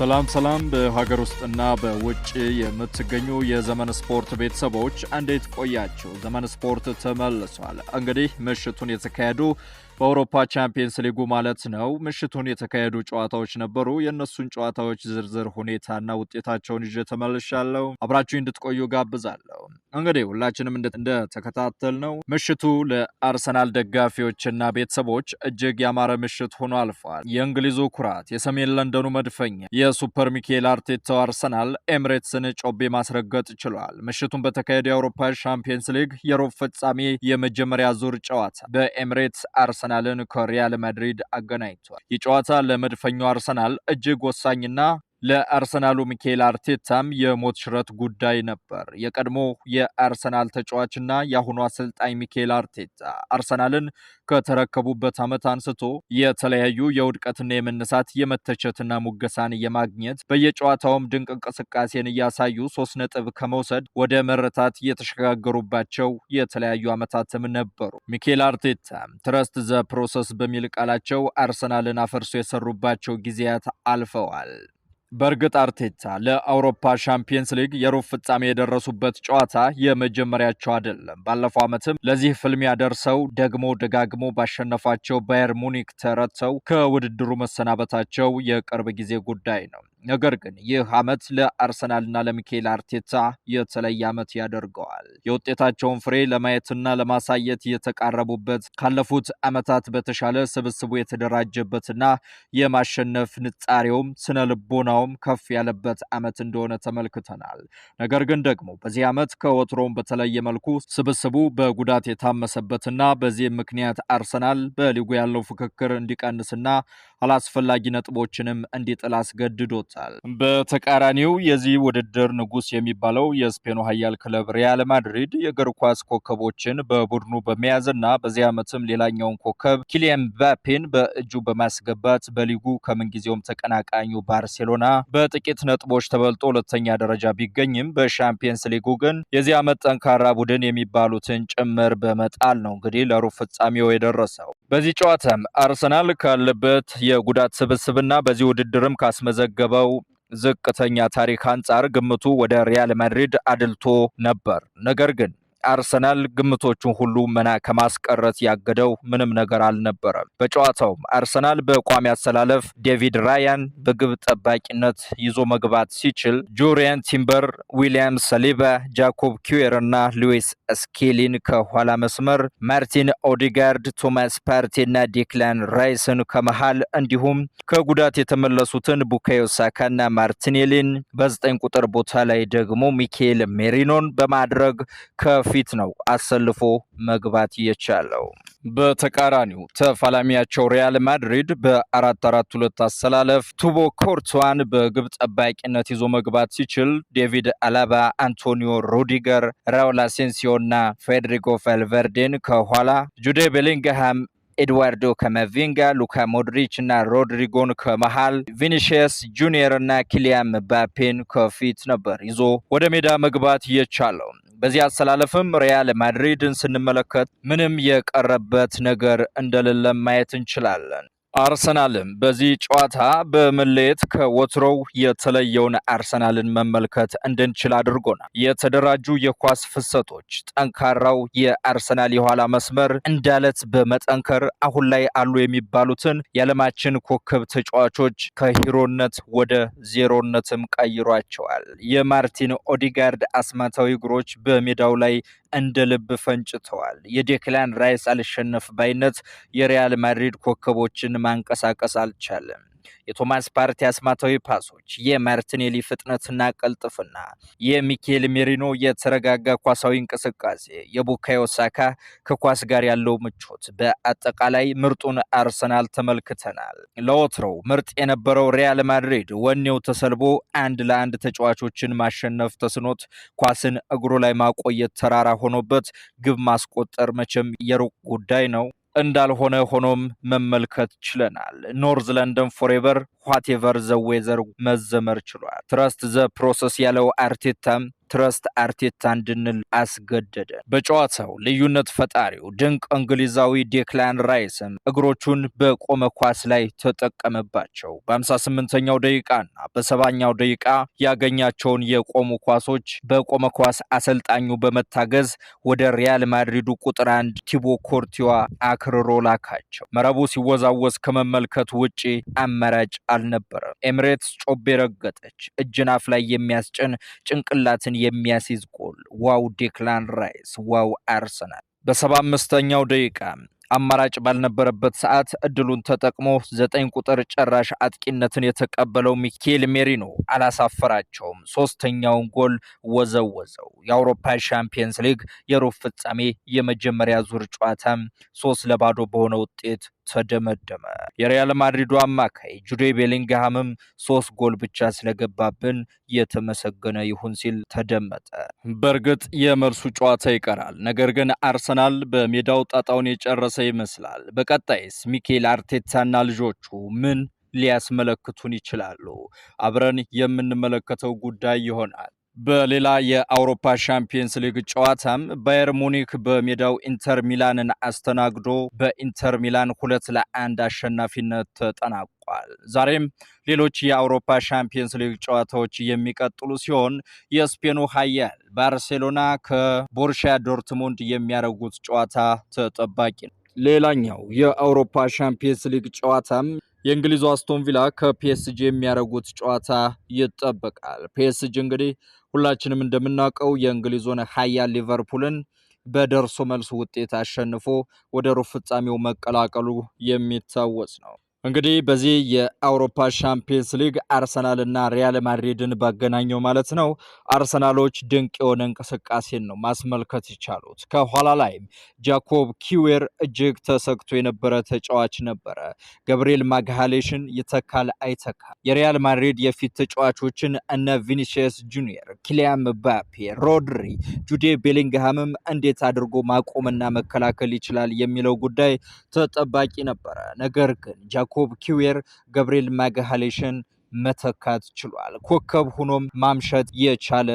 ሰላም ሰላም በሀገር ውስጥና በውጭ የምትገኙ የዘመን ስፖርት ቤተሰቦች እንዴት ቆያችሁ? ዘመን ስፖርት ተመልሷል። እንግዲህ ምሽቱን የተካሄዱ በአውሮፓ ቻምፒየንስ ሊጉ ማለት ነው ምሽቱን የተካሄዱ ጨዋታዎች ነበሩ። የእነሱን ጨዋታዎች ዝርዝር ሁኔታና ውጤታቸውን ይዤ ተመልሻለሁ። አብራችሁ እንድትቆዩ ጋብዛለሁ። እንግዲህ ሁላችንም እንደተከታተል ነው ምሽቱ ለአርሰናል ደጋፊዎችና ቤተሰቦች እጅግ ያማረ ምሽት ሆኖ አልፏል። የእንግሊዙ ኩራት፣ የሰሜን ለንደኑ መድፈኛ የሱፐር ሚካኤል አርቴታው አርሰናል ኤምሬትስን ጮቤ ማስረገጥ ችሏል። ምሽቱን በተካሄደ የአውሮፓ ሻምፒየንስ ሊግ የሩብ ፍጻሜ የመጀመሪያ ዙር ጨዋታ በኤምሬትስ አርሰናል አርሰናልን ከሪያል ማድሪድ አገናኝቷል። ይህ ጨዋታ ለመድፈኛው አርሰናል እጅግ ወሳኝና ለአርሰናሉ ሚካኤል አርቴታም የሞት ሽረት ጉዳይ ነበር። የቀድሞ የአርሰናል ተጫዋችና የአሁኑ አሰልጣኝ ሚካኤል አርቴታ አርሰናልን ከተረከቡበት ዓመት አንስቶ የተለያዩ የውድቀትና የመነሳት የመተቸትና ሙገሳን የማግኘት በየጨዋታውም ድንቅ እንቅስቃሴን እያሳዩ ሶስት ነጥብ ከመውሰድ ወደ መረታት የተሸጋገሩባቸው የተለያዩ ዓመታትም ነበሩ። ሚካኤል አርቴታ ትረስት ዘ ፕሮሰስ በሚል ቃላቸው አርሰናልን አፈርሶ የሰሩባቸው ጊዜያት አልፈዋል። በእርግጥ አርቴታ ለአውሮፓ ሻምፒየንስ ሊግ የሩብ ፍጻሜ የደረሱበት ጨዋታ የመጀመሪያቸው አይደለም። ባለፈው ዓመትም ለዚህ ፍልሚያ ደርሰው ደግሞ ደጋግሞ ባሸነፋቸው ባየር ሙኒክ ተረተው ከውድድሩ መሰናበታቸው የቅርብ ጊዜ ጉዳይ ነው። ነገር ግን ይህ ዓመት ለአርሰናልና ለሚካኤል አርቴታ የተለየ ዓመት ያደርገዋል። የውጤታቸውን ፍሬ ለማየትና ለማሳየት የተቃረቡበት ካለፉት ዓመታት በተሻለ ስብስቡ የተደራጀበትና የማሸነፍ ንጣሬውም ስነ ልቦናውም ከፍ ያለበት ዓመት እንደሆነ ተመልክተናል። ነገር ግን ደግሞ በዚህ ዓመት ከወትሮም በተለየ መልኩ ስብስቡ በጉዳት የታመሰበትና በዚህም ምክንያት አርሰናል በሊጉ ያለው ፍክክር እንዲቀንስና አላስፈላጊ ነጥቦችንም እንዲጥል አስገድዶታል። በተቃራኒው የዚህ ውድድር ንጉስ የሚባለው የስፔኑ ሀያል ክለብ ሪያል ማድሪድ የእግር ኳስ ኮከቦችን በቡድኑ በመያዝና በዚህ ዓመትም ሌላኛውን ኮከብ ኪሊያን ምባፔን በእጁ በማስገባት በሊጉ ከምንጊዜውም ተቀናቃኙ ባርሴሎና በጥቂት ነጥቦች ተበልጦ ሁለተኛ ደረጃ ቢገኝም በሻምፒየንስ ሊጉ ግን የዚህ ዓመት ጠንካራ ቡድን የሚባሉትን ጭምር በመጣል ነው እንግዲህ ለሩብ ፍጻሜው የደረሰው። በዚህ ጨዋታም አርሰናል ካለበት የጉዳት ስብስብና በዚህ ውድድርም ካስመዘገበው ዝቅተኛ ታሪክ አንጻር ግምቱ ወደ ሪያል ማድሪድ አድልቶ ነበር። ነገር ግን አርሰናል ግምቶቹን ሁሉ መና ከማስቀረት ያገደው ምንም ነገር አልነበረም። በጨዋታውም አርሰናል በቋሚ አሰላለፍ ዴቪድ ራያን በግብ ጠባቂነት ይዞ መግባት ሲችል ጁሪያን ቲምበር፣ ዊሊያም ሰሊባ፣ ጃኮብ ኪዌር እና ሉዊስ ስኬሊን ከኋላ መስመር ማርቲን ኦዲጋርድ፣ ቶማስ ፓርቴ እና ዴክላን ራይስን ከመሃል እንዲሁም ከጉዳት የተመለሱትን ቡካዮ ሳካና ማርቲኔሊን በዘጠኝ ቁጥር ቦታ ላይ ደግሞ ሚካኤል ሜሪኖን በማድረግ ከፊ ፊት ነው አሰልፎ መግባት የቻለው። በተቃራኒው ተፋላሚያቸው ሪያል ማድሪድ በአራት አራት ሁለት አሰላለፍ ቱቦ ኮርቷን በግብ ጠባቂነት ይዞ መግባት ሲችል ዴቪድ አላባ፣ አንቶኒዮ ሩዲገር፣ ራውል አሴንሲዮ እና ፌዴሪጎ ቫልቨርዴን ከኋላ ጁዴ ቤሊንግሃም ኤድዋርዶ ከመቪንጋ ሉካ ሞድሪች እና ሮድሪጎን ከመሃል ቪኒሽየስ ጁኒየር እና ኪሊያም ባፔን ከፊት ነበር ይዞ ወደ ሜዳ መግባት የቻለው። በዚህ አሰላለፍም ሪያል ማድሪድን ስንመለከት ምንም የቀረበት ነገር እንደሌለ ማየት እንችላለን። አርሰናልም በዚህ ጨዋታ በመለየት ከወትሮው የተለየውን አርሰናልን መመልከት እንድንችል አድርጎናል። የተደራጁ የኳስ ፍሰቶች፣ ጠንካራው የአርሰናል የኋላ መስመር እንዳለት በመጠንከር አሁን ላይ አሉ የሚባሉትን የዓለማችን ኮከብ ተጫዋቾች ከሂሮነት ወደ ዜሮነትም ቀይሯቸዋል። የማርቲን ኦዲጋርድ አስማታዊ እግሮች በሜዳው ላይ እንደ ልብ ፈንጭተዋል። የዴክላን ራይስ አልሸነፍ ባይነት የሪያል ማድሪድ ኮከቦችን ማንቀሳቀስ አልቻለም። የቶማስ ፓርቲ አስማታዊ ፓሶች፣ የማርቲኔሊ ፍጥነትና ቀልጥፍና፣ የሚኬል ሜሪኖ የተረጋጋ ኳሳዊ እንቅስቃሴ፣ የቡካዮ ሳካ ከኳስ ጋር ያለው ምቾት፣ በአጠቃላይ ምርጡን አርሰናል ተመልክተናል። ለወትሮው ምርጥ የነበረው ሪያል ማድሪድ ወኔው ተሰልቦ አንድ ለአንድ ተጫዋቾችን ማሸነፍ ተስኖት ኳስን እግሩ ላይ ማቆየት ተራራ ሆኖበት ግብ ማስቆጠር መቼም የሩቅ ጉዳይ ነው። እንዳልሆነ ሆኖም መመልከት ችለናል። ኖርዝ ፎሬቨር ዋቴቨር ዘዌዘር መዘመር ችሏል። ትረስት ዘ ፕሮሰስ ያለው አርቴታም ትረስት አርቴታ እንድንል አስገደደን። በጨዋታው ልዩነት ፈጣሪው ድንቅ እንግሊዛዊ ዴክላን ራይስም እግሮቹን በቆመ ኳስ ላይ ተጠቀመባቸው። በ58ኛው ደቂቃና በሰባኛው ደቂቃ ያገኛቸውን የቆሙ ኳሶች በቆመ ኳስ አሰልጣኙ በመታገዝ ወደ ሪያል ማድሪዱ ቁጥር አንድ ቲቦ ኮርቲዋ አክርሮ ላካቸው። መረቡ ሲወዛወዝ ከመመልከት ውጪ አማራጭ አልነበረም። ኤምሬትስ ጮቤ ረገጠች። እጅናፍ ላይ የሚያስጭን ጭንቅላትን የሚያስይዝ ጎል! ዋው ዴክላን ራይስ! ዋው አርሰናል! በሰባ አምስተኛው ደቂቃ አማራጭ ባልነበረበት ሰዓት እድሉን ተጠቅሞ ዘጠኝ ቁጥር ጨራሽ አጥቂነትን የተቀበለው ሚኬል ሜሪኖ አላሳፈራቸውም። ሶስተኛውን ጎል ወዘወዘው። የአውሮፓ ሻምፒየንስ ሊግ የሩብ ፍጻሜ የመጀመሪያ ዙር ጨዋታ ሶስት ለባዶ በሆነ ውጤት ተደመደመ። የሪያል ማድሪዱ አማካይ ጁዴ ቤሊንግሃምም ሶስት ጎል ብቻ ስለገባብን የተመሰገነ ይሁን ሲል ተደመጠ። በእርግጥ የመልሱ ጨዋታ ይቀራል። ነገር ግን አርሰናል በሜዳው ጣጣውን የጨረሰ ይመስላል። በቀጣይስ ሚኬል አርቴታና ልጆቹ ምን ሊያስመለክቱን ይችላሉ? አብረን የምንመለከተው ጉዳይ ይሆናል። በሌላ የአውሮፓ ሻምፒየንስ ሊግ ጨዋታም ባየር ሙኒክ በሜዳው ኢንተር ሚላንን አስተናግዶ በኢንተር ሚላን ሁለት ለአንድ አሸናፊነት ተጠናቋል። ዛሬም ሌሎች የአውሮፓ ሻምፒየንስ ሊግ ጨዋታዎች የሚቀጥሉ ሲሆን የስፔኑ ኃያል ባርሴሎና ከቦርሻ ዶርትሙንድ የሚያደርጉት ጨዋታ ተጠባቂ ነው። ሌላኛው የአውሮፓ ሻምፒየንስ ሊግ ጨዋታም የእንግሊዙ አስቶን ቪላ ከፒኤስጂ የሚያደርጉት ጨዋታ ይጠበቃል። ፒኤስጂ እንግዲህ ሁላችንም እንደምናውቀው የእንግሊዙን ሀያል ሊቨርፑልን በደርሶ መልስ ውጤት አሸንፎ ወደ ሩብ ፍጻሜው መቀላቀሉ የሚታወስ ነው። እንግዲህ በዚህ የአውሮፓ ሻምፒየንስ ሊግ አርሰናልና ሪያል ማድሪድን ባገናኘው ማለት ነው። አርሰናሎች ድንቅ የሆነ እንቅስቃሴን ነው ማስመልከት የቻሉት። ከኋላ ላይም ጃኮብ ኪዌር እጅግ ተሰግቶ የነበረ ተጫዋች ነበረ። ገብርኤል ማግሃሌሽን ይተካል አይተካ የሪያል ማድሪድ የፊት ተጫዋቾችን እነ ቪኒሲየስ ጁኒየር፣ ኪሊያን ምባፔ፣ ሮድሪ፣ ጁዴ ቤሊንግሃምም እንዴት አድርጎ ማቆምና መከላከል ይችላል የሚለው ጉዳይ ተጠባቂ ነበረ። ነገር ግን ያኮብ ኪዌር ገብርኤል ማግሃሌሽን መተካት ችሏል። ኮከብ ሆኖም ማምሸት የቻለ